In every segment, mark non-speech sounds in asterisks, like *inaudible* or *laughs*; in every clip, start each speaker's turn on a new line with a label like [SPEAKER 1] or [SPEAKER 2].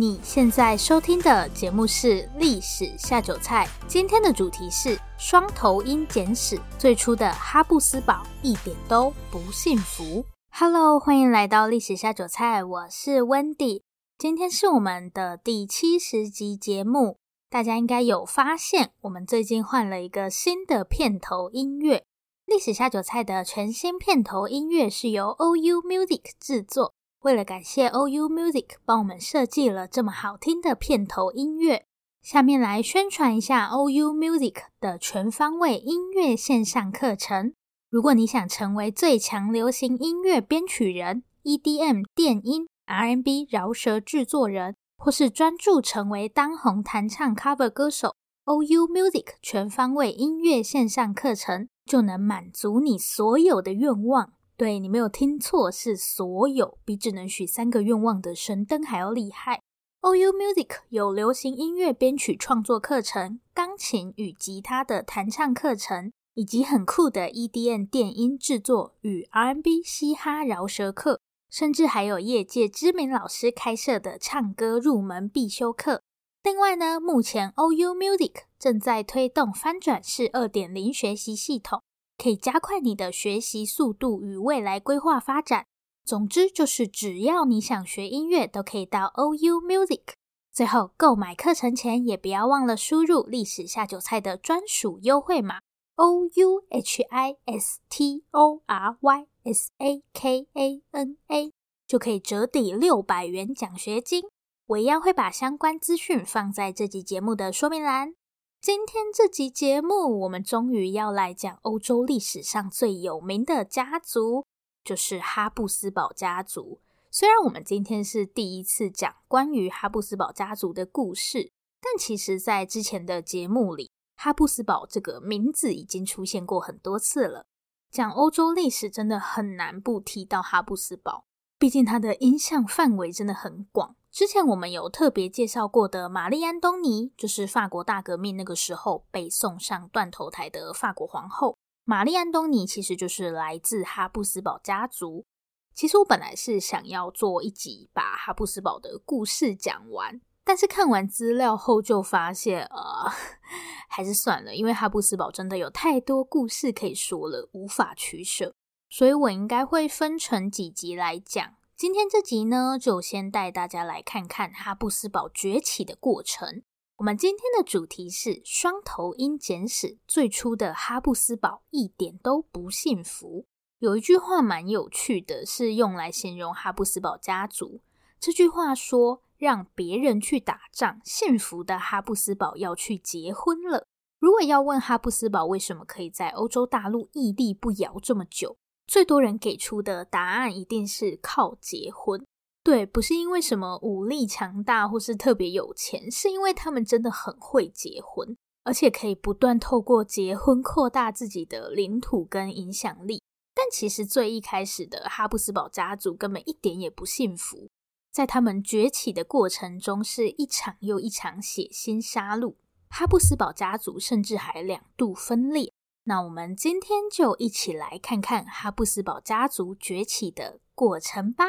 [SPEAKER 1] 你現在收聽的節目是《歷史下酒菜》，今天的主題是“雙頭鷹簡史”。最初的哈布斯堡一點都不幸福。Hello，歡迎來到《歷史下酒菜》，我是 Wendy。今天是我們的第七十集節目，大家應該有發現，我們最近換了一個新的片頭音樂。《歷史下酒菜》的全新片頭音樂是由 O.U Music 制作。為了感謝 OU Music 幫我們設計了這麼好聽的片頭音樂，下面來宣傳一下 OU Music 的全方位音樂線上課程。如果你想成為最強流行音樂編曲人、EDM 電音、R&B 饒舌製作人，或是專注成為當紅彈唱 cover 歌手，OU Music 全方位音樂線上課程就能滿足你所有的願望。對，你沒有聽錯，是所有比只能許三個願望的神燈還要厲害。O.U Music 有流行音樂編曲創作課程、鋼琴與吉他的彈唱課程，以及很酷的 EDM 電音製作與 R&B 嘻哈饒舌課，甚至還有業界知名老師開設的唱歌入門必修課。另外呢，目前 O.U Music 正在推動翻轉式二點零學習系統。可以加快你的學習速度與未來規劃發展。總之，就是只要你想學音樂，都可以到 O U Music。最後，購買課程前也不要忘了輸入歷史下酒菜的專屬優惠碼 O U H I S T O R Y S A K A N A，就可以折抵六百元獎學金。我一樣會把相關資訊放在這集節目的說明欄。今天這集節目，我們終於要來講歐洲歷史上最有名的家族，就是哈布斯堡家族。雖然我們今天是第一次講關於哈布斯堡家族的故事，但其實，在之前的節目裡，哈布斯堡這個名字已經出現過很多次了。講歐洲歷史，真的很難不提到哈布斯堡，畢竟它的影響範圍真的很廣。之前我們有特別介紹過的瑪麗·安東尼，就是法國大革命那個時候被送上斷頭台的法國皇後。瑪麗·安東尼其實就是來自哈布斯堡家族。其實我本來是想要做一集把哈布斯堡的故事講完，但是看完資料後就發現啊、呃，還是算了，因為哈布斯堡真的有太多故事可以說了，無法取捨，所以我應該會分成幾集來講。今天這集呢，就先帶大家來看看哈布斯堡崛起的過程。我們今天的主題是雙頭鷹簡史。最初的哈布斯堡一點都不幸福。有一句話蠻有趣的是，是用來形容哈布斯堡家族。這句話說：“讓別人去打仗，幸福的哈布斯堡要去結婚了。”如果要問哈布斯堡為什麼可以在歐洲大陸屹立不搖這麼久？最多人給出的答案一定是靠結婚，對，不是因為什麼武力強大或是特別有錢，是因為他們真的很會結婚，而且可以不斷透過結婚擴大自己的領土跟影響力。但其實最一開始的哈布斯堡家族根本一點也不幸福，在他們崛起的過程中是一場又一場血腥殺戮，哈布斯堡家族甚至還兩度分裂。那我們今天就一起來看看哈布斯堡家族崛起的過程吧。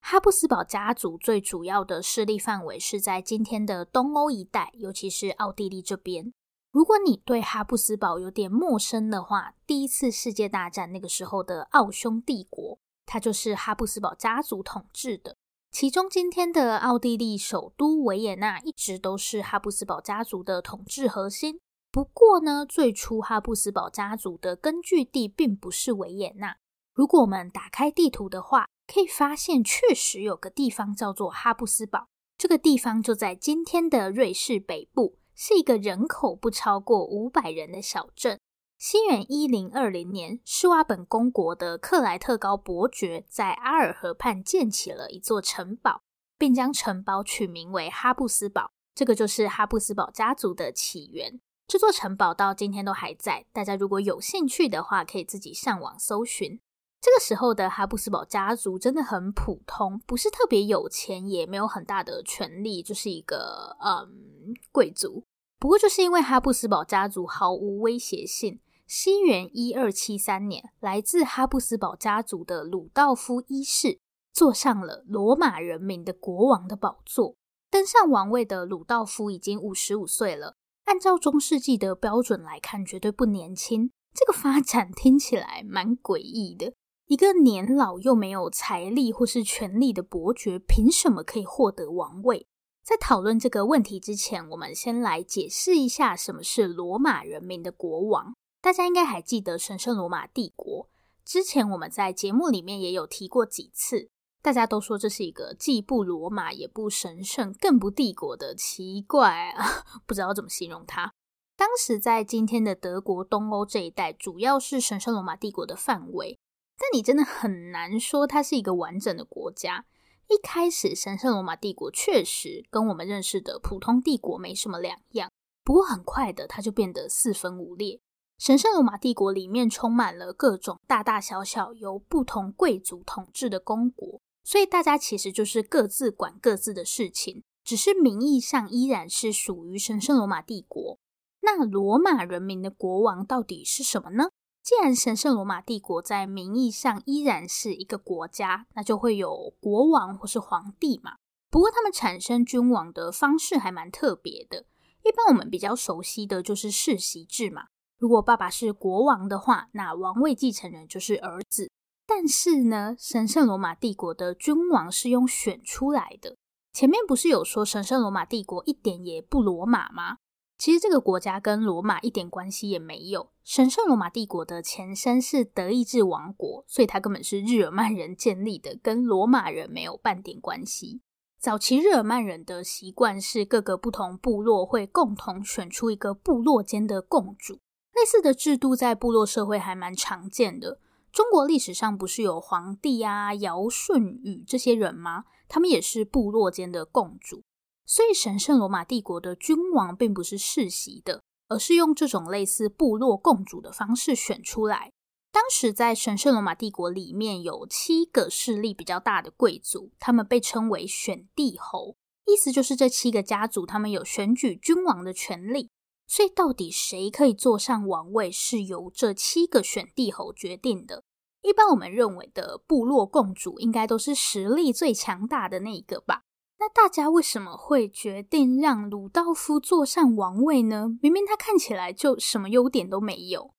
[SPEAKER 1] 哈布斯堡家族最主要的勢力範圍是在今天的東歐一帶，尤其是奧地利這邊。如果你對哈布斯堡有點陌生的話，第一次世界大戰那個時候的奧匈帝國，它就是哈布斯堡家族統治的。其中，今天的奧地利首都維也納一直都是哈布斯堡家族的統治核心。不過呢，最初哈布斯堡家族的根據地並不是維也納。如果我們打開地圖的話，可以發現確實有個地方叫做哈布斯堡，這個地方就在今天的瑞士北部，是一個人口不超過五百人的小鎮。西元一零二零年，施瓦本公國的克萊特高伯爵在阿爾河畔建起了一座城堡，並將城堡取名為哈布斯堡，這個就是哈布斯堡家族的起源。這座城堡到今天都還在。大家如果有興趣的話，可以自己上網搜尋。這個時候的哈布斯堡家族真的很普通，不是特別有錢，也沒有很大的權力，就是一個嗯貴族。不過就是因為哈布斯堡家族毫無威脅性，西元一二七三年，來自哈布斯堡家族的魯道夫一世坐上了羅馬人民的國王的寶座。登上王位的魯道夫已經五十五歲了。按照中世紀的標準來看，絕對不年輕。這個發展聽起來蠻詭異的。一個年老又沒有財力或是權力的伯爵，憑什麼可以獲得王位？在討論這個問題之前，我們先來解釋一下什麼是羅馬人民的國王。大家應該還記得神聖羅馬帝國，之前我們在節目裡面也有提過幾次。大家都說這是一個既不羅馬也不神聖、更不帝國的奇怪啊，不知道怎麼形容它。當時在今天的德國東歐這一帶，主要是神聖羅馬帝國的範圍，但你真的很難說它是一個完整的國家。一開始，神聖羅馬帝國確實跟我們認識的普通帝國沒什麼兩樣，不過很快的，它就變得四分五裂。神聖羅馬帝國裡面充滿了各種大大小小由不同貴族統治的公國。所以大家其實就是各自管各自的事情，只是名義上依然是屬於神聖羅馬帝國。那羅馬人民的國王到底是什麼呢？既然神聖羅馬帝國在名義上依然是一個國家，那就會有國王或是皇帝嘛。不過他們產生君王的方式還蠻特別的，一般我們比較熟悉的就是世襲制嘛。如果爸爸是國王的話，那王位繼承人就是兒子。但是呢，神聖羅馬帝國的君王是用選出來的。前面不是有說神聖羅馬帝國一點也不羅馬嗎？其實這個國家跟羅馬一點關係也沒有。神聖羅馬帝國的前身是德意志王國，所以它根本是日耳曼人建立的，跟羅馬人沒有半點關係。早期日耳曼人的習慣是各個不同部落會共同選出一個部落間的共主，類似的制度在部落社會還蠻常見的。中國歷史上不是有皇帝啊、堯舜禹這些人嗎？他們也是部落間的共主，所以神聖羅馬帝國的君王並不是世襲的，而是用這種類似部落共主的方式選出來。當時在神聖羅馬帝國裡面有七個勢力比較大的貴族，他們被稱為選帝侯，意思就是這七個家族他們有選舉君王的權利。所以，到底誰可以坐上王位，是由這七個選帝侯決定的。一般我們認為的部落共主，應該都是實力最強大的那一個吧？那大家為什麼會決定讓魯道夫坐上王位呢？明明他看起來就什麼優點都沒有。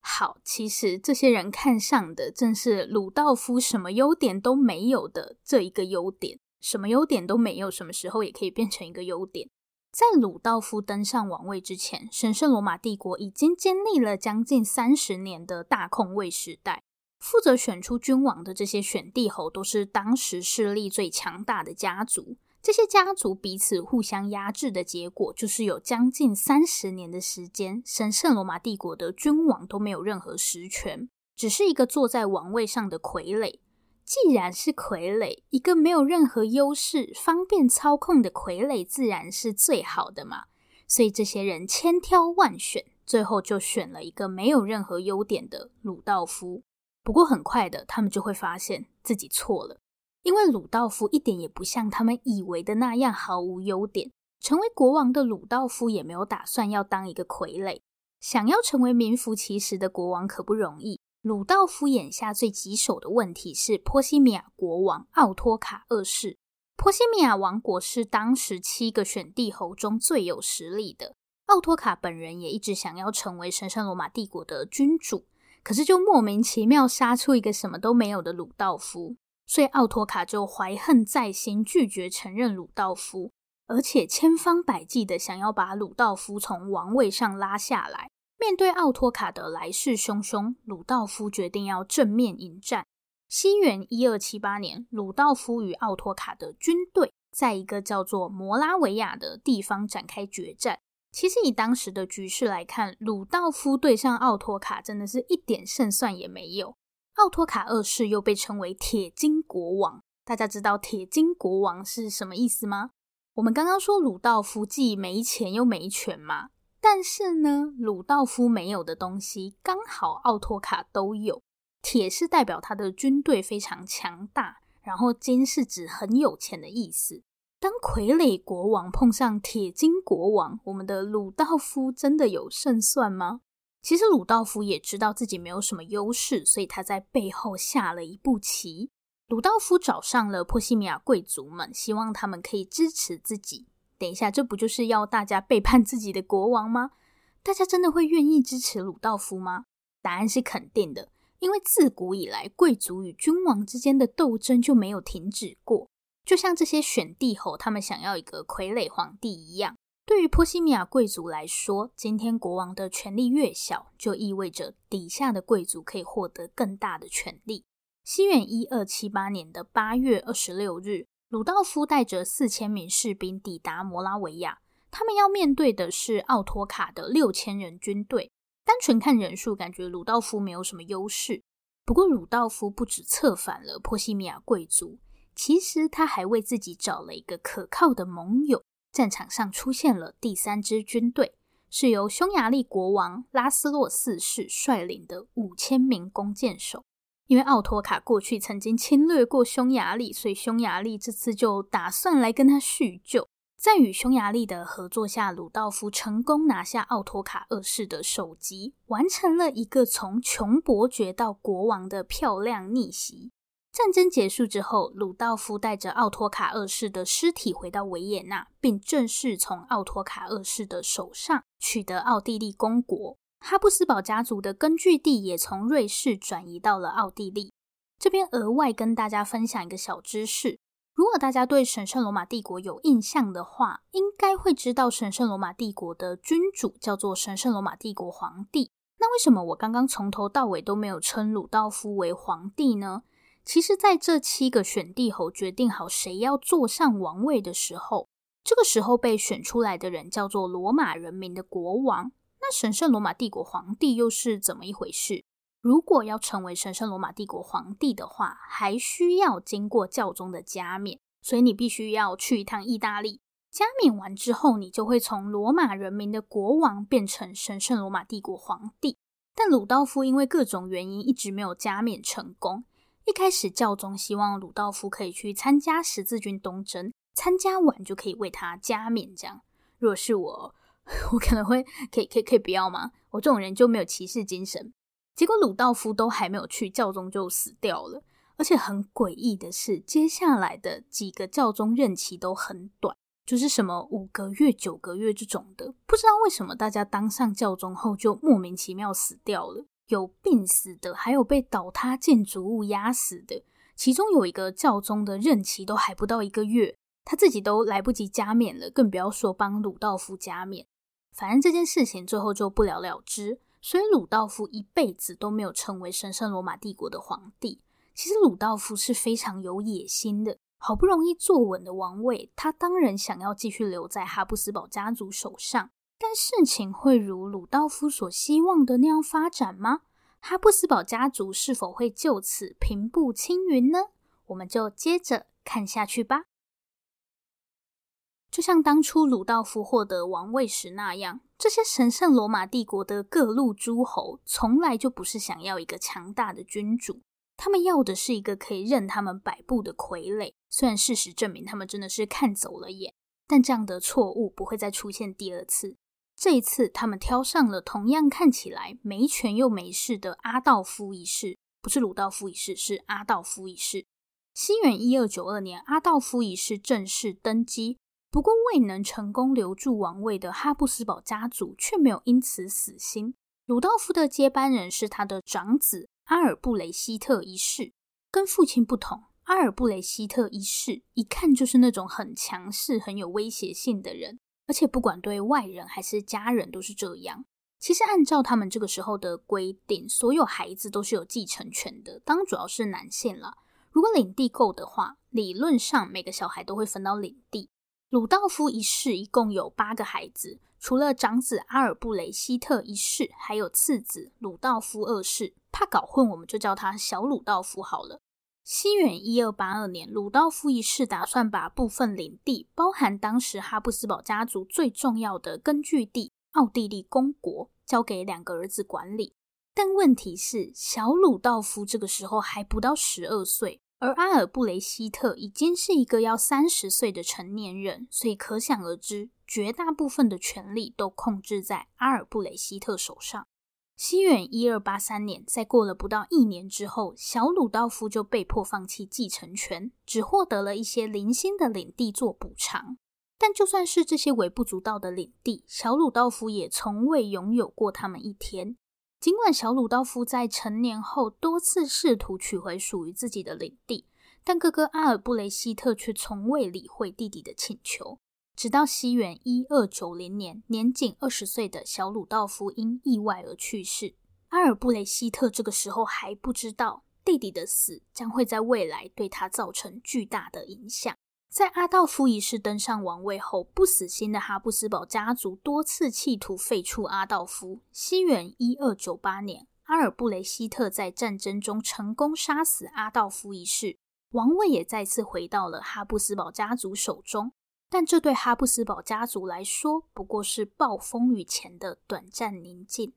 [SPEAKER 1] 好，其實這些人看上的正是魯道夫什麼優點都沒有的這一個優點。什麼優點都沒有，什麼時候也可以變成一個優點。在魯道夫登上王位之前，神聖羅馬帝國已經建立了將近三十年的大空位時代。負責選出君王的這些選帝侯都是當時勢力最強大的家族，這些家族彼此互相壓制的結果，就是有將近三十年的時間，神聖羅馬帝國的君王都沒有任何實權，只是一個坐在王位上的傀儡。既然是傀儡，一個沒有任何優勢、方便操控的傀儡自然是最好的嘛。所以這些人千挑萬選，最後就選了一個沒有任何優點的魯道夫。不過很快的，他們就會發現自己錯了，因為魯道夫一點也不像他們以為的那樣毫無優點。成為國王的魯道夫也沒有打算要當一個傀儡。想要成為名副其實的國王，可不容易。魯道夫眼下最棘手的問題是波西米亞國王奧托卡二世。波西米亞王國是當時七個選帝侯中最有實力的。奧托卡本人也一直想要成為神聖羅馬帝國的君主，可是就莫名其妙殺出一個什麼都沒有的魯道夫，所以奧托卡就懷恨在心，拒絕承認魯道夫，而且千方百計的想要把魯道夫從王位上拉下來。面對奧托卡的來勢洶洶，魯道夫決定要正面迎戰。西元一二七八年，魯道夫與奧托卡的軍隊在一個叫做摩拉維亞的地方展開決戰。其實以當時的局勢來看，魯道夫對上奧托卡真的是一點勝算也沒有。奧托卡二世又被稱為鐵金國王，大家知道鐵金國王是什麼意思嗎？我們剛剛說魯道夫既沒錢又沒權嘛。但是呢，魯道夫沒有的東西，剛好奧托卡都有。鐵是代表他的軍隊非常強大，然後金是指很有錢的意思。當傀儡國王碰上鐵金國王，我們的魯道夫真的有勝算嗎？其實魯道夫也知道自己沒有什麼優勢，所以他在背後下了一步棋。魯道夫找上了波西米亞貴族們，希望他們可以支持自己。等一下，這不就是要大家背叛自己的國王嗎？大家真的會願意支持魯道夫嗎？答案是肯定的，因為自古以來，貴族與君王之間的鬥爭就沒有停止過。就像這些選帝侯，他們想要一個傀儡皇帝一樣。對於波西米亞貴族來說，今天國王的權力越小，就意味着底下的貴族可以獲得更大的權力。西元一二七八年的八月二十六日。魯道夫帶着四千名士兵抵達摩拉維亞，他們要面對的是奧托卡的六千人軍隊。單純看人數，感覺魯道夫沒有什麼優勢。不過，魯道夫不止策反了波西米亞貴族，其實他還為自己找了一個可靠的盟友。戰場上出現了第三支軍隊，是由匈牙利國王拉斯洛四世率領的五千名弓箭手。因為奧托卡過去曾經侵略過匈牙利，所以匈牙利這次就打算來跟他敘舊。在與匈牙利的合作下，魯道夫成功拿下奧托卡二世的首級，完成了一個從窮伯爵到國王的漂亮逆襲。戰爭結束之後，魯道夫帶着奧托卡二世的屍體回到維也納，並正式從奧托卡二世的手上取得奧地利公國。哈布斯堡家族的根據地也從瑞士轉移到了奧地利。這邊額外跟大家分享一個小知識，如果大家對神聖羅馬帝國有印象的話，應該會知道神聖羅馬帝國的君主叫做神聖羅馬帝國皇帝。那為什麼我剛剛從頭到尾都沒有稱魯道夫為皇帝呢？其實在這七個選帝侯決定好誰要坐上王位的時候，這個時候被選出來的人叫做羅馬人民的國王。那神聖羅馬帝國皇帝又是怎麼一回事？如果要成為神聖羅馬帝國皇帝的話，還需要經過教宗的加冕，所以你必須要去一趟意大利。加冕完之後，你就會從羅馬人民的國王變成神聖羅馬帝國皇帝。但魯道夫因為各種原因一直沒有加冕成功。一開始教宗希望魯道夫可以去參加十字軍東征，參加完就可以為他加冕。這樣，若是我。我可能會可以可以可以不要嗎？我這種人就沒有騎士精神。結果魯道夫都還沒有去，教宗就死掉了，而且很詭異的是，接下來的幾個教宗任期都很短，就是什麼五個月、九個月這種的。不知道為什麼大家當上教宗後就莫名其妙死掉了，有病死的，還有被倒塌建築物壓死的。其中有一個教宗的任期都還不到一個月，他自己都來不及加冕了，更不要說幫魯道夫加冕。反正這件事情最後就不了了之，所以魯道夫一輩子都沒有成為神聖羅馬帝國的皇帝。其實魯道夫是非常有野心的，好不容易坐穩的王位，他當然想要繼續留在哈布斯堡家族手上。但事情會如魯道夫所希望的那樣發展嗎？哈布斯堡家族是否會就此平步青雲呢？我們就接着看下去吧。就像當初魯道夫獲得王位時那樣，這些神聖羅馬帝國的各路諸侯從來就不是想要一個強大的君主，他們要的是一個可以任他們擺佈的傀儡。雖然事實證明他們真的是看走了眼，但這樣的錯誤不會再出現第二次。這一次，他們挑上了同樣看起來沒權又沒勢的阿道夫一世，不是魯道夫一世，是阿道夫一世。西元一二九二年，阿道夫一世正式登基。不過，未能成功留住王位的哈布斯堡家族卻沒有因此死心。魯道夫的接班人是他的長子阿爾布雷希特一世。跟父親不同，阿爾布雷希特一世一看就是那種很強勢、很有威脅性的人，而且不管對外人還是家人都是這樣。其實，按照他們這個時候的規定，所有孩子都是有繼承權的，當然主要是男性了。如果領地夠的話，理論上每個小孩都會分到領地。魯道夫一世一共有八個孩子，除了長子阿爾布雷希特一世，還有次子魯道夫二世。怕搞混，我們就叫他小魯道夫好了。西元一二八二年，魯道夫一世打算把部分領地，包含當時哈布斯堡家族最重要的根據地——奧地利公國，交給兩個兒子管理。但問題是，小魯道夫這個時候還不到十二歲。而阿爾布雷希特已經是一個要三十歲的成年人，所以可想而知，絕大部分的權力都控制在阿爾布雷希特手上。西元一二八三年，在過了不到一年之後，小魯道夫就被迫放棄繼承權，只獲得了一些零星的領地做補償。但就算是這些微不足道的領地，小魯道夫也從未擁有過他們一天。儘管小魯道夫在成年後多次試圖取回屬於自己的領地，但哥哥阿爾布雷希特卻從未理會弟弟的請求。直到西元一二九零年，年僅二十歲的小魯道夫因意外而去世，阿爾布雷希特這個時候還不知道，弟弟的死將會在未來對他造成巨大的影響。在阿道夫一世登上王位後，不死心的哈布斯堡家族多次企圖廢除阿道夫。西元一二九八年，阿爾布雷希特在戰爭中成功殺死阿道夫一世，王位也再次回到了哈布斯堡家族手中。但這對哈布斯堡家族來說，不過是暴風雨前的短暫寧靜。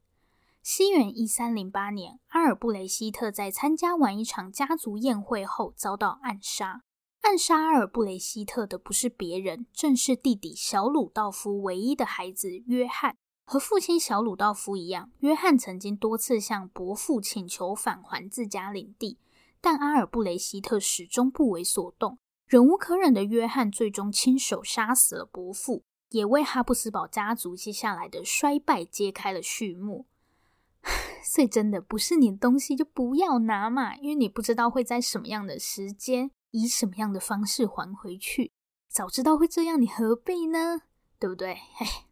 [SPEAKER 1] 西元一三零八年，阿爾布雷希特在參加完一場家族宴會後，遭到暗殺。暗殺阿爾布雷希特的不是別人，正是弟弟小魯道夫唯一的孩子約翰。和父親小魯道夫一樣，約翰曾經多次向伯父請求返還自家領地，但阿爾布雷希特始終不為所動。忍無可忍的約翰最終親手殺死了伯父，也為哈布斯堡家族接下來的衰敗揭開了序幕。 *laughs* 所以，真的不是你的東西就不要拿嘛，因為你不知道會在什麼樣的時間，以什麼樣的方式還回去？早知道會這樣，你何必呢？對不對？哎，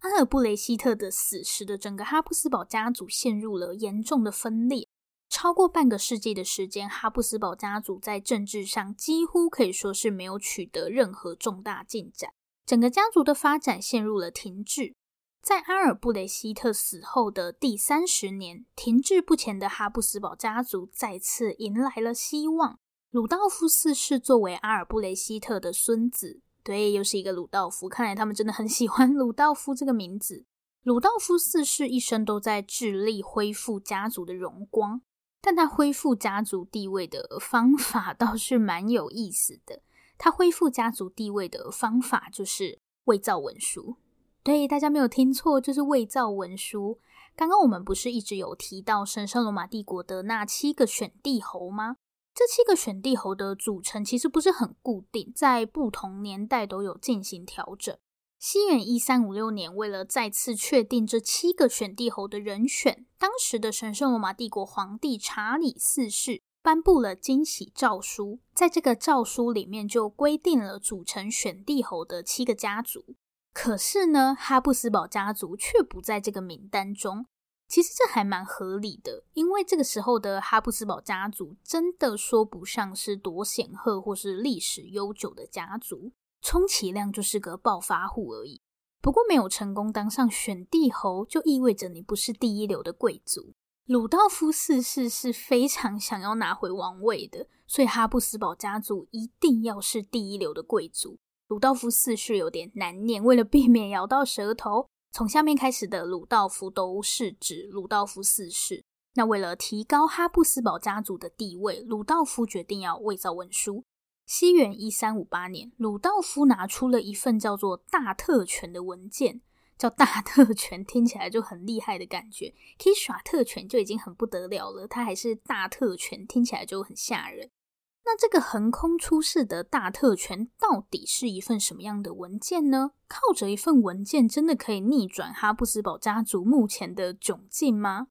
[SPEAKER 1] 阿爾布雷希特的死使得整個哈布斯堡家族陷入了嚴重的分裂。超過半個世紀的時間，哈布斯堡家族在政治上幾乎可以說是沒有取得任何重大進展，整個家族的發展陷入了停滯。在阿爾布雷希特死後的第三十年，停滯不前的哈布斯堡家族再次迎來了希望。魯道夫四世作為阿爾布雷希特的孫子，對，又是一個魯道夫。看來他們真的很喜歡魯道夫這個名字。魯道夫四世一生都在致力恢復家族的榮光，但他恢復家族地位的方法倒是蠻有意思的。他恢復家族地位的方法就是偽造文書。對，大家沒有聽錯，就是偽造文書。剛剛我們不是一直有提到神聖羅馬帝國的那七個選帝侯嗎？這七個選帝侯的組成其實不是很固定，在不同年代都有進行調整。西元一三五六年，為了再次確定這七個選帝侯的人選，當時的神聖羅馬帝國皇帝查理四世頒布了金璽詔書，在這個詔書裡面就規定了組成選帝侯的七個家族。可是呢，哈布斯堡家族卻不在這個名單中。其實這還蠻合理的，因為這個時候的哈布斯堡家族真的說不上是多顯赫或是歷史悠久的家族，充其量就是個暴發戶而已。不過沒有成功當上選帝侯，就意味着你不是第一流的貴族。魯道夫四世是非常想要拿回王位的，所以哈布斯堡家族一定要是第一流的貴族。魯道夫四世有點難念，為了避免咬到舌頭。從下面開始的魯道夫都是指魯道夫四世。那為了提高哈布斯堡家族的地位，魯道夫決定要偽造文書。西元一三五八年，魯道夫拿出了一份叫做“大特權”的文件，叫“大特權”，聽起來就很厲害的感覺，可以耍特權就已經很不得了了，他還是“大特權”，聽起來就很嚇人。那這個橫空出世的大特權到底是一份什麼樣的文件呢？靠着一份文件，真的可以逆轉哈布斯堡家族目前的窘境嗎？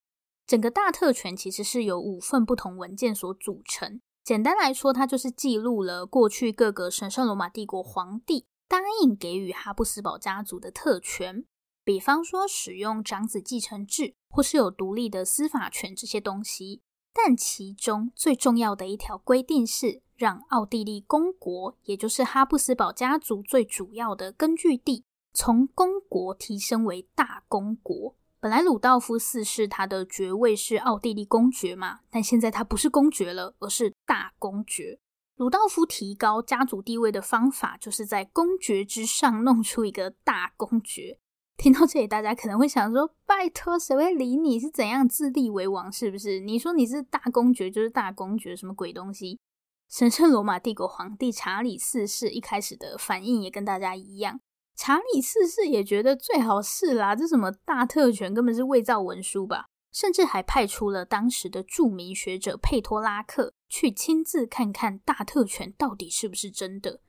[SPEAKER 1] 整個大特權其實是由五份不同文件所組成。簡單來說，它就是記錄了過去各個神聖羅馬帝國皇帝答應給予哈布斯堡家族的特權，比方說使用長子繼承制，或是有獨立的司法權這些東西。但其中最重要的一條規定是，讓奧地利公國，也就是哈布斯堡家族最主要的根據地，從公國提升為大公國。本來魯道夫四世他的爵位是奧地利公爵嘛，但現在他不是公爵了，而是大公爵。魯道夫提高家族地位的方法，就是在公爵之上弄出一個大公爵。聽到這裡，大家可能會想說：“拜托，誰會理你？是怎樣自立為王？是不是？你說你是大公爵，就是大公爵，什麼鬼東西？”神聖羅馬帝國皇帝查理四世一開始的反應也跟大家一樣，查理四世也覺得最好是啦，這什麼大特權，根本是偽造文書吧？甚至還派出了當時的著名學者佩托拉克去親自看看大特權到底是不是真的。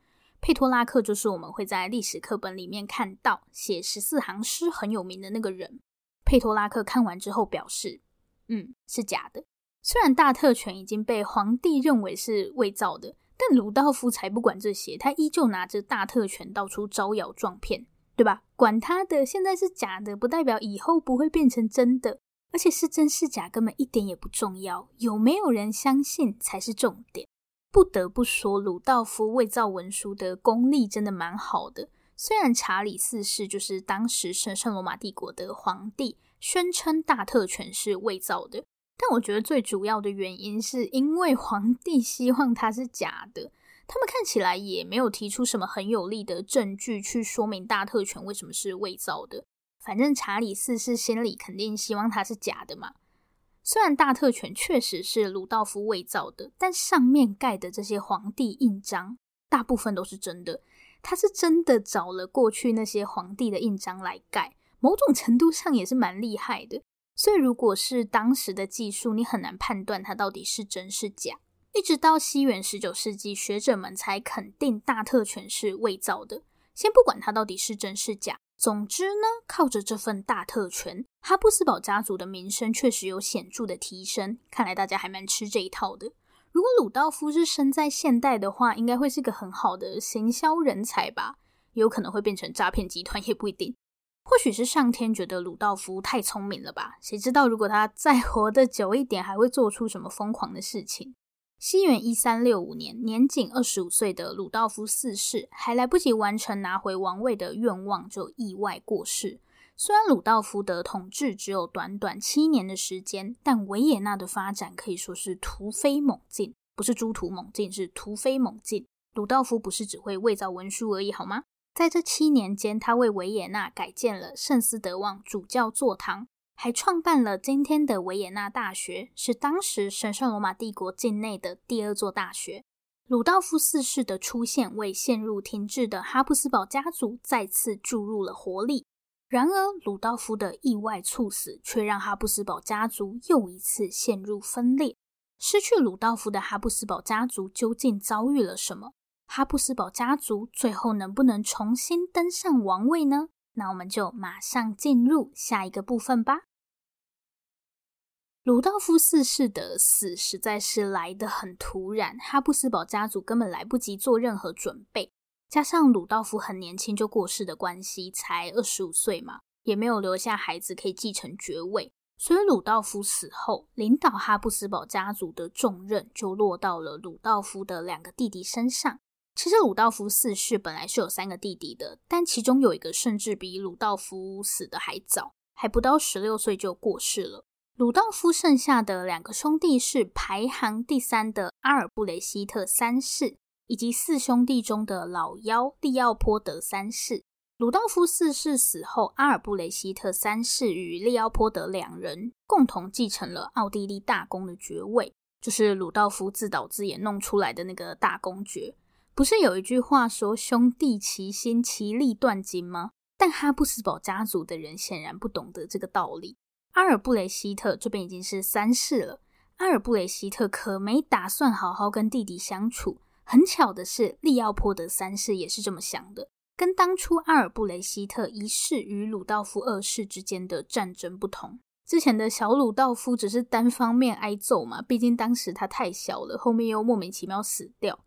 [SPEAKER 1] 佩托拉克就是我們會在歷史課本裡面看到寫十四行詩很有名的那個人。佩托拉克看完之後表示：“嗯，是假的。雖然大特權已經被皇帝認為是偽造的，但魯道夫才不管這些，他依舊拿着大特權到處招搖撞騙，對吧？管他的，現在是假的，不代表以後不會變成真的。而且是真是假根本一點也不重要，有沒有人相信才是重點。”不得不說，魯道夫偽造文書的功力真的蠻好的。雖然查理四世就是當時神聖羅馬帝國的皇帝，宣稱大特權是偽造的，但我覺得最主要的原因是因為皇帝希望它是假的。他們看起來也沒有提出什麼很有力的證據去說明大特權為什麼是偽造的。反正查理四世心裡肯定希望它是假的嘛。雖然大特權確實是魯道夫偽造的，但上面蓋的這些皇帝印章大部分都是真的。他是真的找了過去那些皇帝的印章來蓋，某種程度上也是蠻厲害的。所以如果是當時的技術，你很難判斷它到底是真是假。一直到西元十九世紀，學者們才肯定大特權是偽造的。先不管它到底是真是假。總之呢，靠着這份大特權，哈布斯堡家族的名聲確實有顯著的提升。看來大家還蠻吃這一套的。如果魯道夫是生在現代的話，應該會是個很好的行銷人才吧？有可能會變成詐騙集團，也不一定。或許是上天覺得魯道夫太聰明了吧？誰知道如果他再活得久一點，還會做出什麼瘋狂的事情？西元一三六五年，年僅二十五歲的魯道夫四世還來不及完成拿回王位的願望，就意外過世。雖然魯道夫的統治只有短短七年的時間，但維也納的發展可以說是突飛猛進，不是諸途猛進，是突飛猛進。魯道夫不是只會偽造文書而已，好嗎？在這七年間，他為維也納改建了聖斯德望主教座堂。還創辦了今天的維也納大學，是當時神聖羅馬帝國境內的第二座大學。魯道夫四世的出現為陷入停滯的哈布斯堡家族再次注入了活力。然而，魯道夫的意外猝死卻讓哈布斯堡家族又一次陷入分裂。失去魯道夫的哈布斯堡家族究竟遭遇了什麼？哈布斯堡家族最後能不能重新登上王位呢？那我們就馬上進入下一個部分吧。魯道夫四世的死實在是來得很突然，哈布斯堡家族根本來不及做任何準備。加上魯道夫很年輕就過世的關係，才二十五歲嘛，也沒有留下孩子可以繼承爵位，所以魯道夫死後，領導哈布斯堡家族的重任就落到了魯道夫的兩個弟弟身上。其實魯道夫四世本來是有三個弟弟的，但其中有一個甚至比魯道夫死得還早，還不到十六歲就過世了。魯道夫剩下的兩個兄弟是排行第三的阿爾布雷希特三世，以及四兄弟中的老幺利奧波德三世。魯道夫四世死後，阿爾布雷希特三世與利奧波德兩人共同繼承了奧地利大公的爵位，就是魯道夫自導自演弄出來的那個大公爵。不是有一句話說“兄弟齊心，其利斷金”嗎？但哈布斯堡家族的人顯然不懂得這個道理。阿爾布雷希特這邊已經是三世了，阿爾布雷希特可沒打算好好跟弟弟相處。很巧的是，利奧波德三世也是這麼想的。跟當初阿爾布雷希特一世與魯道夫二世之間的戰爭不同，之前的小魯道夫只是單方面挨揍嘛，畢竟當時他太小了，後面又莫名其妙死掉。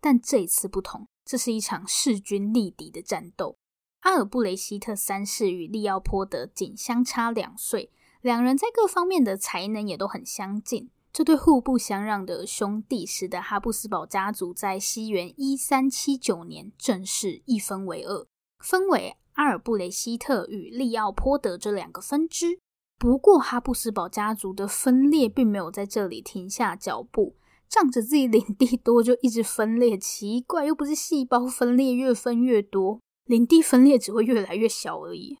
[SPEAKER 1] 但這一次不同，這是一場勢均力敵的戰鬥。阿爾布雷希特三世與利奧波德僅相差兩歲。兩人在各方面的才能也都很相近，這對互不相讓的兄弟使得哈布斯堡家族在西元一三七九年正式一分為二，分為阿爾布雷希特與利奧波德這兩個分支。不過，哈布斯堡家族的分裂並沒有在這裡停下腳步，仗着自己領地多就一直分裂。奇怪，又不是細胞分裂，越分越多，領地分裂只會越來越小而已。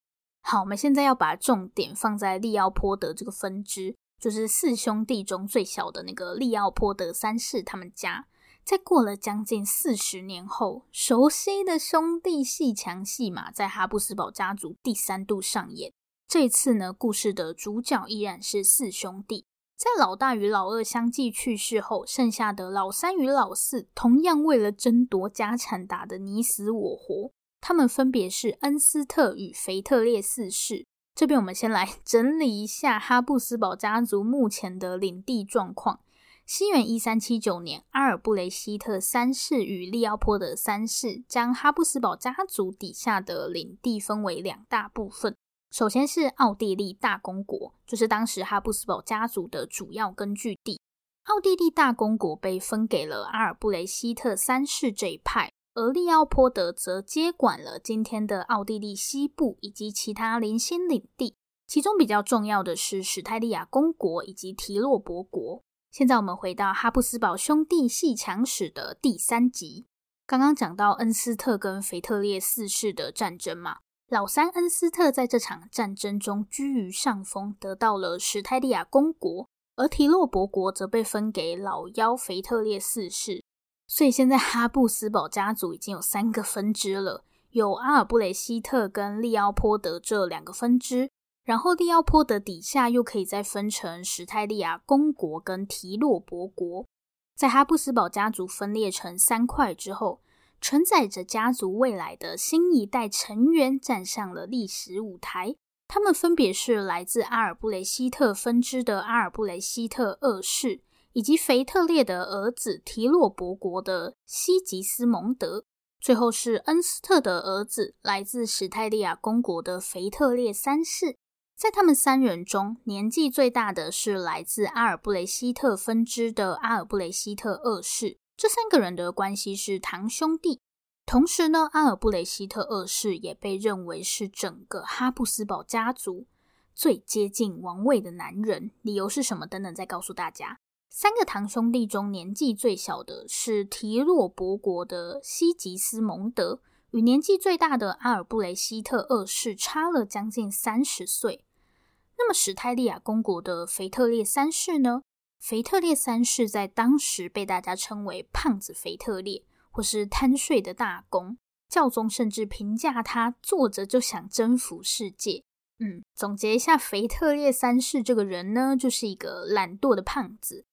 [SPEAKER 1] 好，我們現在要把重點放在利奧波德這個分支，就是四兄弟中最小的那個利奧波德三世他們家。在過了將近四十年後，熟悉的兄弟鬩牆戲碼在哈布斯堡家族第三度上演。這次呢，故事的主角依然是四兄弟。在老大與老二相繼去世後，剩下的老三與老四同樣為了爭奪家產打得你死我活。他們分別是恩斯特與腓特烈四世。這邊我們先來整理一下哈布斯堡家族目前的領地狀況。西元一三七九年，阿爾布雷希特三世與利奧波德三世將哈布斯堡家族底下的領地分為兩大部分。首先是奧地利大公國，就是當時哈布斯堡家族的主要根據地。奧地利大公國被分給了阿爾布雷希特三世這一派。而利奧波德則接管了今天的奧地利西部以及其他零星領地，其中比較重要的是史泰利亞公國以及提洛伯國。現在我們回到哈布斯堡兄弟鬩牆史的第三集，剛剛講到恩斯特跟腓特烈四世的戰爭嘛，老三恩斯特在這場戰爭中居於上風，得到了史泰利亞公國，而提洛伯國則被分給老幺腓特烈四世。所以現在哈布斯堡家族已經有三個分支了，有阿爾布雷希特跟利奧波德這兩個分支，然後利奧波德底下又可以再分成史泰利亞公國跟提洛伯國。在哈布斯堡家族分裂成三塊之後，承載着家族未來的新一代成員站上了歷史舞台，他們分別是來自阿爾布雷希特分支的阿爾布雷希特二世。以及腓特烈的兒子，提洛伯國的西吉斯蒙德，最後是恩斯特的兒子，來自史泰利亞公國的腓特烈三世。在他們三人中，年紀最大的是來自阿爾布雷希特分支的阿爾布雷希特二世。這三個人的關係是堂兄弟。同時呢，阿爾布雷希特二世也被認為是整個哈布斯堡家族最接近王位的男人。理由是什麼？等等，再告訴大家。三個堂兄弟中，年紀最小的是提洛伯國的西吉斯蒙德，與年紀最大的阿爾布雷希特二世差了將近三十歲。那麼史泰利亞公國的腓特烈三世呢？腓特烈三世在當時被大家稱為“胖子腓特烈”，或是“貪睡的大公”。教宗甚至評價他坐着就想征服世界。嗯，總結一下，腓特烈三世這個人呢，就是一個懶惰的胖子。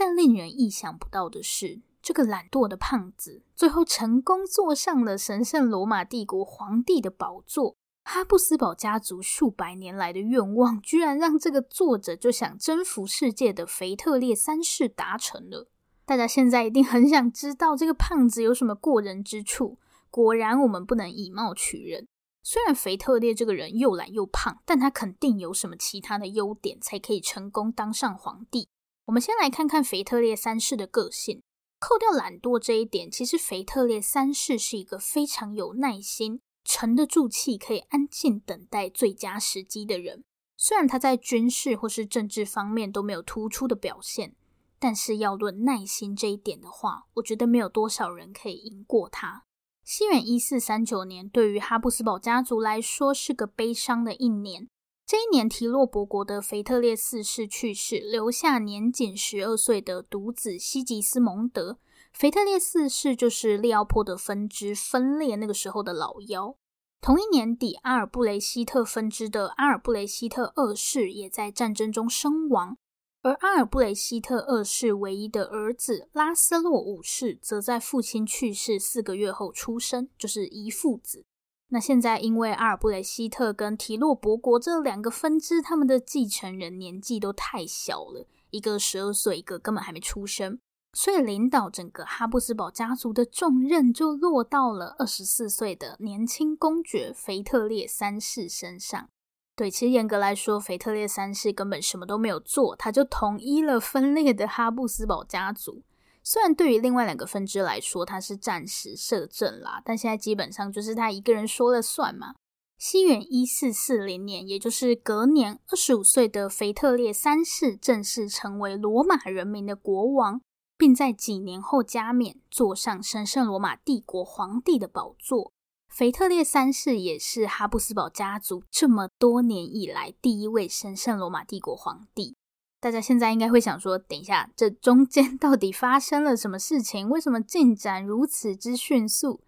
[SPEAKER 1] 但令人意想不到的是，這個懶惰的胖子最後成功坐上了神聖羅馬帝國皇帝的寶座。哈布斯堡家族數百年來的願望，居然讓這個坐著就想征服世界的腓特烈三世達成了。大家現在一定很想知道這個胖子有什麼過人之處。果然，我們不能以貌取人。雖然腓特烈這個人又懶又胖，但他肯定有什麼其他的優點，才可以成功當上皇帝。我們先來看看腓特烈三世的個性，扣掉懶惰這一點，其實腓特烈三世是一個非常有耐心、沉得住氣、可以安靜等待最佳時機的人。雖然他在軍事或是政治方面都沒有突出的表現，但是要論耐心這一點的話，我覺得沒有多少人可以贏過他。西元1439年，對於哈布斯堡家族來說是個悲傷的一年。這一年，提洛伯國的腓特烈四世去世，留下年僅十二歲的獨子西吉斯蒙德。腓特烈四世就是利奧波的分支分裂那個時候的老幺。同一年底，阿爾布雷希特分支的阿爾布雷希特二世也在戰爭中身亡，而阿爾布雷希特二世唯一的兒子拉斯洛五世則在父親去世四個月後出生，就是遺腹子。那現在，因為阿爾布雷希特跟提洛伯國這兩個分支，他們的繼承人年紀都太小了，一個十二歲，一個根本還沒出生，所以領導整個哈布斯堡家族的重任就落到了二十四歲的年輕公爵腓特烈三世身上。對，其實嚴格來說，腓特烈三世根本什麼都沒有做，他就統一了分裂的哈布斯堡家族。雖然對於另外兩個分支來說，他是暫時攝政啦，但現在基本上就是他一個人說了算嘛。西元一四四零年，也就是隔年，二十五歲的腓特烈三世正式成為羅馬人民的國王，並在幾年後加冕，坐上神聖羅馬帝國皇帝的寶座。腓特烈三世也是哈布斯堡家族這麼多年以來第一位神聖羅馬帝國皇帝。大家現在應該會想說，等一下，這中間到底發生了什麼事情？為什麼進展如此之迅速？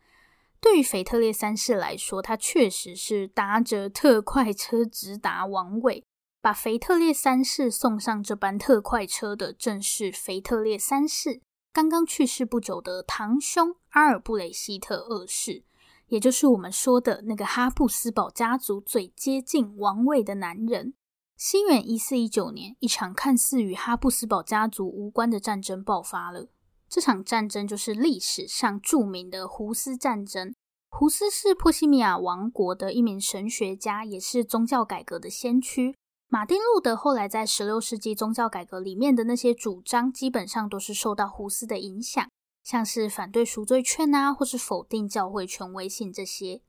[SPEAKER 1] 對於腓特烈三世來說，他確實是搭着特快車直達王位。把腓特烈三世送上這班特快車的，正是腓特烈三世剛剛去世不久的堂兄阿爾布雷希特二世，也就是我們說的那個哈布斯堡家族最接近王位的男人。西元一四一九年，一場看似與哈布斯堡家族無關的戰爭爆發了。這場戰爭就是歷史上著名的胡斯戰爭。胡斯是波西米亞王國的一名神學家，也是宗教改革的先驅。馬丁·路德後來在十六世紀宗教改革裡面的那些主張，基本上都是受到胡斯的影響，像是反對贖罪券啊，或是否定教會權威性這些。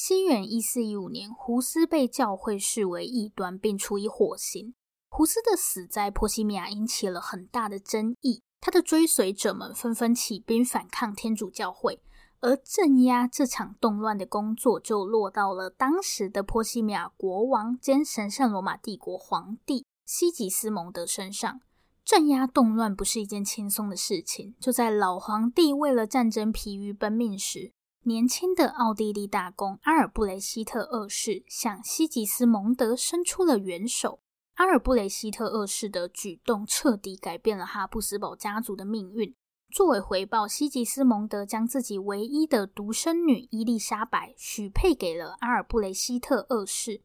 [SPEAKER 1] 西元一四一五年，胡斯被教會視為異端，並處以火刑。胡斯的死在波西米亞引起了很大的爭議，他的追隨者們紛紛起兵反抗天主教會，而鎮壓這場動亂的工作就落到了當時的波西米亞國王兼神聖羅馬帝國皇帝西吉斯蒙德身上。鎮壓動亂不是一件輕鬆的事情，就在老皇帝為了戰爭疲於奔命時，年輕的奧地利大公阿爾布雷希特二世向西吉斯蒙德伸出了援手。阿爾布雷希特二世的舉動徹底改變了哈布斯堡家族的命運。作為回報，西吉斯蒙德將自己唯一的獨生女伊麗莎白許配給了阿爾布雷希特二世。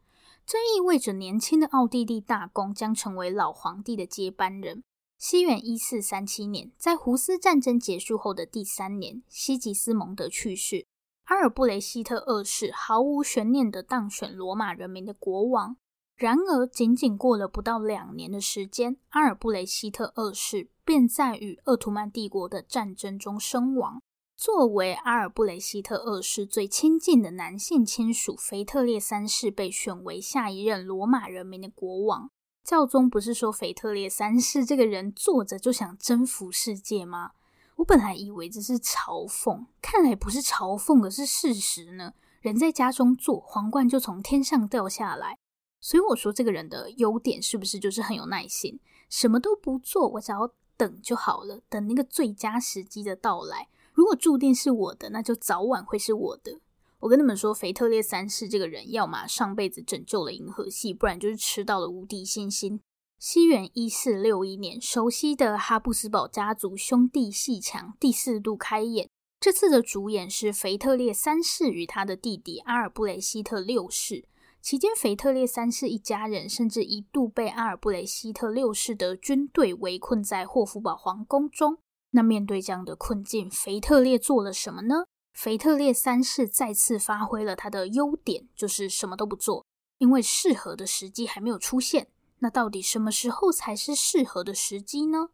[SPEAKER 1] 這意味着年輕的奧地利大公將成為老皇帝的接班人。西元一四三七年，在胡斯戰爭結束後的第三年，西吉斯蒙德去世。阿爾布雷希特二世毫無懸念地當選羅馬人民的國王。然而，僅僅過了不到兩年的時間，阿爾布雷希特二世便在與鄂圖曼帝國的戰爭中身亡。作為阿爾布雷希特二世最親近的男性親屬，腓特烈三世被選為下一任羅馬人民的國王。教宗不是說腓特烈三世這個人坐着就想征服世界嗎？我本來以為這是嘲諷，看來不是嘲諷，而是事實呢。人在家中坐，皇冠就從天上掉下來。所以我說，這個人的優點是不是就是很有耐心？什麼都不做，我只要等就好了，等那個最佳時機的到來。如果注定是我的，那就早晚會是我的。我跟你們說，腓特烈三世這個人，要麼上輩子拯救了銀河系，不然就是吃到了無敵星星。西元一四六一年，熟悉的哈布斯堡家族兄弟鬩牆第四度開演。這次的主演是腓特烈三世與他的弟弟阿爾布雷希特六世。期間，腓特烈三世一家人甚至一度被阿爾布雷希特六世的軍隊圍困在霍夫堡皇宮中。那面對這樣的困境，腓特烈做了什麼呢？腓特烈三世再次發揮了他的優點，就是什麼都不做，因為適合的時機還沒有出現。那到底什麼時候才是適合的時機呢？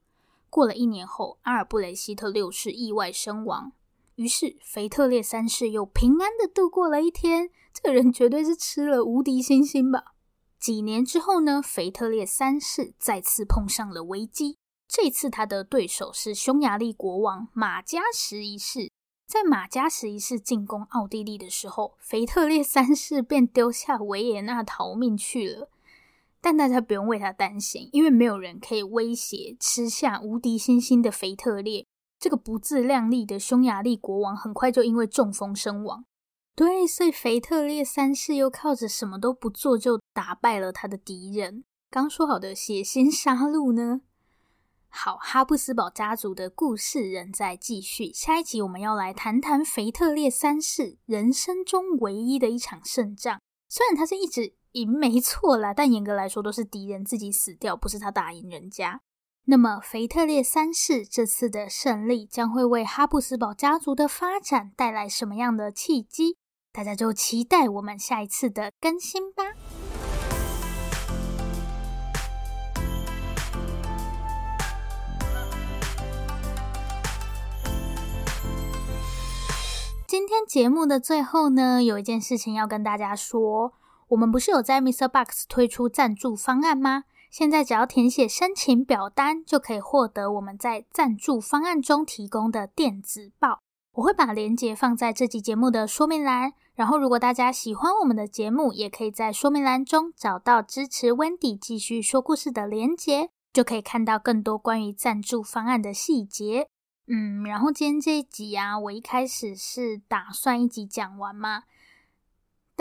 [SPEAKER 1] 過了一年後，阿爾布雷希特六世意外身亡，於是腓特烈三世又平安的度過了一天。這個人絕對是吃了無敵星星吧？幾年之後呢？腓特烈三世再次碰上了危機，這次他的對手是匈牙利國王馬加什一世。在馬加什一世進攻奧地利的時候，腓特烈三世便丟下維也納逃命去了。但大家不用為他擔心，因為沒有人可以威脅吃下無敵星星的腓特烈。這個不自量力的匈牙利國王很快就因為中風身亡。對，所以腓特烈三世又靠着什麼都不做就打敗了他的敵人。剛說好的血腥殺戮呢？好，哈布斯堡家族的故事仍在繼續。下一集我們要來談談腓特烈三世人生中唯一的一場勝仗。雖然他是一直。贏沒錯啦，但嚴格來說都是敵人自己死掉，不是他打贏人家。那麼，腓特烈三世這次的勝利將會為哈布斯堡家族的發展帶來什麼樣的契機？大家就期待我們下一次的更新吧。今天節目的最後呢，有一件事情要跟大家說。我們不是有在 MixerBox 推出贊助方案嗎？現在只要填寫申請表單，就可以獲得我們在贊助方案中提供的電子報。我會把鏈接放在這集節目的說明欄。然後，如果大家喜歡我們的節目，也可以在說明欄中找到支持 Wendy 繼續說故事的連結，就可以看到更多關於贊助方案的細節。嗯，然後今天這一集啊，我一開始是打算一集講完嘛。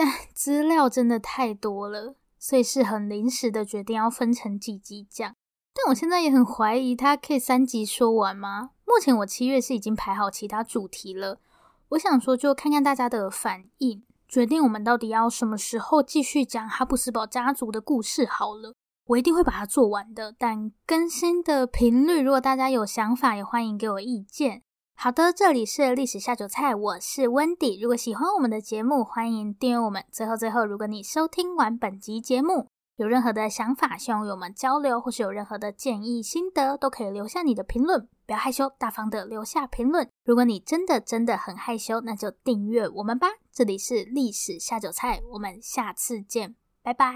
[SPEAKER 1] 但資料真的太多了，所以是很臨時的決定要分成幾集講。但我現在也很懷疑它可以三集說完嗎？目前我七月是已經排好其他主題了，我想說就看看大家的反應，決定我們到底要什麼時候繼續講哈布斯堡家族的故事好了。我一定會把它做完的，但更新的頻率，如果大家有想法，也歡迎給我意見。好的，這裡是歷史下酒菜，我是 Wendy。如果喜歡我們的節目，歡迎訂閱我們。最後，最後，如果你收聽完本集節目，有任何的想法，希望與我們交流，或是有任何的建議、心得，都可以留下你的評論。不要害羞，大方的留下評論。如果你真的真的很害羞，那就訂閱我們吧。這裡是歷史下酒菜，我們下次見，拜拜。